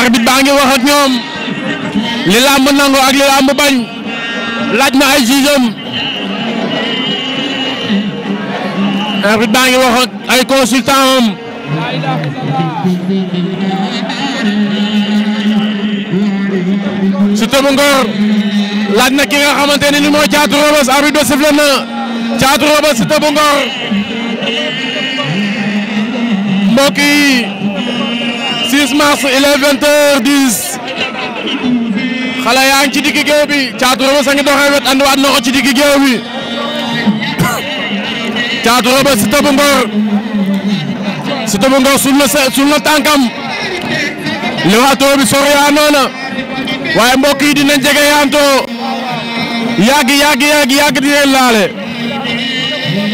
arbitre baa ngi wax ak ñoom li làmb ak li làmb bañ laaj na ay jugeem arbitre baa ngi wax ak ay consultant am Siteu bu na ki nga xamante ne ni mooy Thiatou Rebeuss arbitre bi na Thiatou Rebeuss Siteu bu Ngor mbokk 26 mars yaa ngi ci digg géew bi Thiatou Rebeuss a ngi doxee wet andiwaat na ko ci digg géew bi Thiatou Rebeuss Siteu bu Ngor Siteu bu Ngor sul na sul na bi sori noona waaye mbokk yi dinañ jege yaantoo yàgg yàgg yàgg laale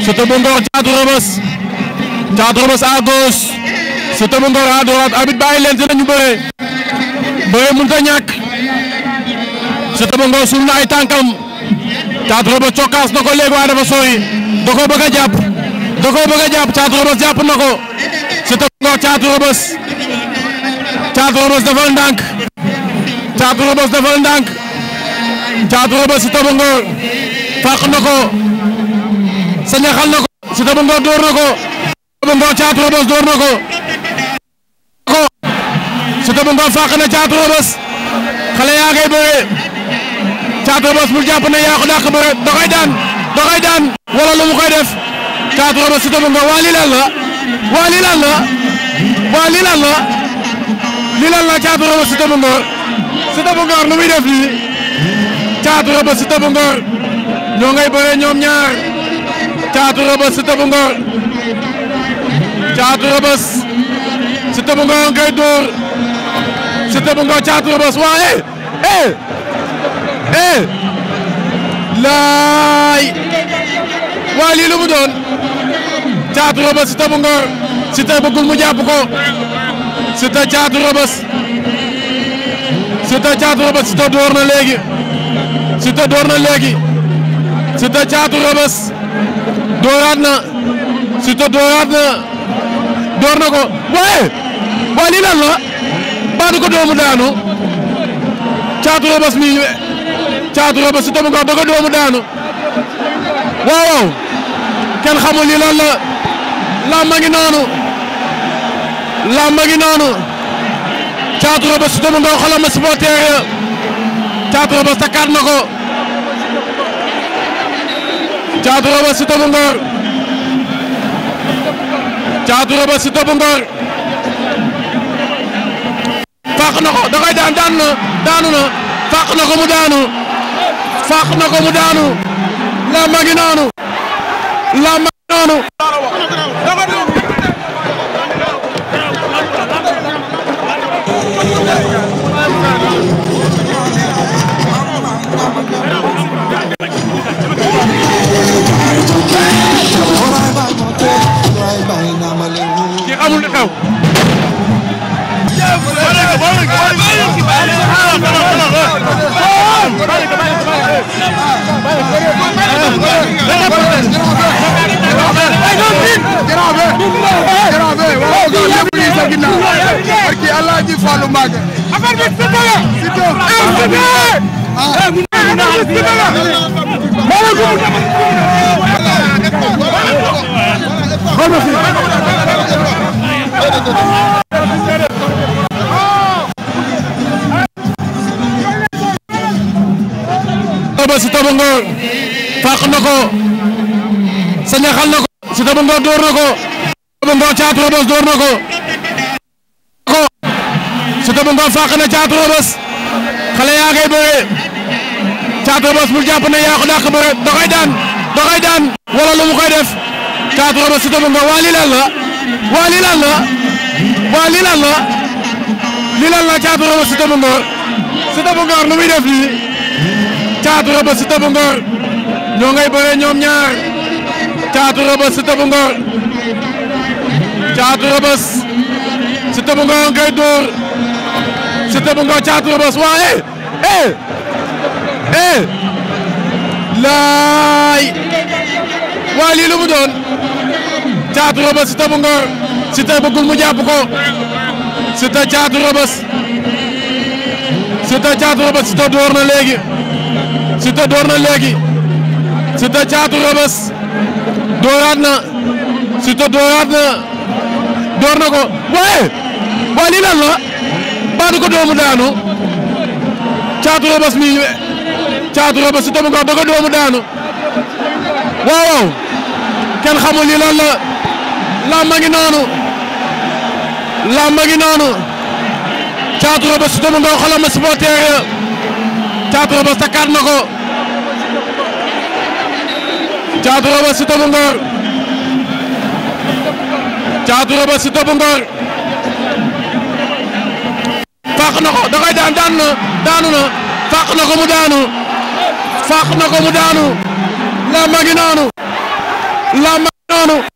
Siteu bu Ngor Thiatou Rebeuss Thiatou Rebeuss Siteu bu Ngor à droite arbitre leen dinañu bëree bëree mënut a ñàkk Siteu bu Ngor suul na ay tànkam Thiatou Rebeuss da koo bëgg a jàpp da koo bëgg a jàpp Thiatou Rebeuss jàpp na ko Siteu bu Ngor Thiatou Rebeuss Thiatou Rebeuss defal ndànk sañaxal na ko Siteu door na Siteu bu Ngor fàq na Caatu Rebeuss xale yaa ngay bëree Caatu Rebeuss bu jàpp ne yaa ko dàq bëre da koy daan da koy daan wala lu mu koy def Caatu Rebeuss Siteu bu Ngor waa lii lan la waa lii lan la waa lii lan la lii lan la Caatu Rebeuss Siteu bu Ngor Siteu bu Ngor nu muy def lii Caatu Rebeuss Siteu bu Ngor ñoo ngay bëree ñoom ñaar Caatu Rebeuss Siteu bu Ngor Caatu Rebeuss Siteu bu Ngor ngay dóor Siteu bu Ngor Caatu Rebeuss waaye eh, eh laay waa lii lu mu doon Caatu Rebeuss Siteu bu Ngor Siteu bëggul mu ko Siteu Caatu Rebeuss Siteu Caatu Rebeuss Siteu door na léegi Siteu door na léegi Siteu Caatu Rebeuss dooraat na Siteu dooraat na door na ko waaye waa lii lan la mbaa du ko doomu daanu caatu robas mi caatu robas si tamit da ko doomu daanu waaw waaw kenn xamul la làmba ngi noonu làmba ngi noonu caatu robas si tamit nga xoolal ma supporter ya caatu ngor fàq na ko da koy daan daan na daanu na fàq na ko mu daanu fàq na ko mu daanu làmba ngi noonu làmba ngi noonu Siteu Bongo fàq na ko sañaxal na ko Siteu bu Ngor door na ko Siteu bu Ngor Thiatou Rebeuss door na ko Siteu bu Ngor fàq na Thiatou Rebeuss xale yaa ngay bëree Thiatou Rebeuss bu jàpp ne yaa ko dàq bëre da koy daan da koy daan wala lu mu koy def Thiatou Rebeuss Siteu bu Ngor waa lii lan la waa lii lan la waa lii lan la lii lan la Thiatou Rebeuss Siteu bu Ngor Siteu bu Ngor nu muy def lii Thiatou Rebeuss Siteu bu Ngor ñoo ngay bëre ñoom ñaar caatu rëbës Siteu bu Ngor caatu rëbës Siteu bu Ngor ngay dóor Siteu bu Ngor caatu rëbës waaye eh eh laay waa lii lu mu doon caatu rëbës Siteu bu Ngor Siteu bëggul mu jàpp ko Siteu caatu rëbës Siteu caatu rëbës Siteu door na léegi Siteu caatu Rebeuss dooraat na Siteu dooraat na door na ko waaye waaye lii lan la baanu ko doomu daanu caatu Rebeuss mi caatu Rebeuss Siteu mu ko da ko doomu daanu waaw waaw kenn xamul lii lan la làmba ngi noonu làmba ngi noonu caatu Rebeuss Siteu mu ko xoolal ma supporter ya caatu Rebeuss takkaat na ko. Thiatou Rebeuss Siteu bu Ngor Thiatou Rebeuss Siteu bu Ngor fàq na ko da koy daan daan na daanu na fàq na ko mu daanu fàq na ko mu daanu làmba gi noonu làmba gi noonu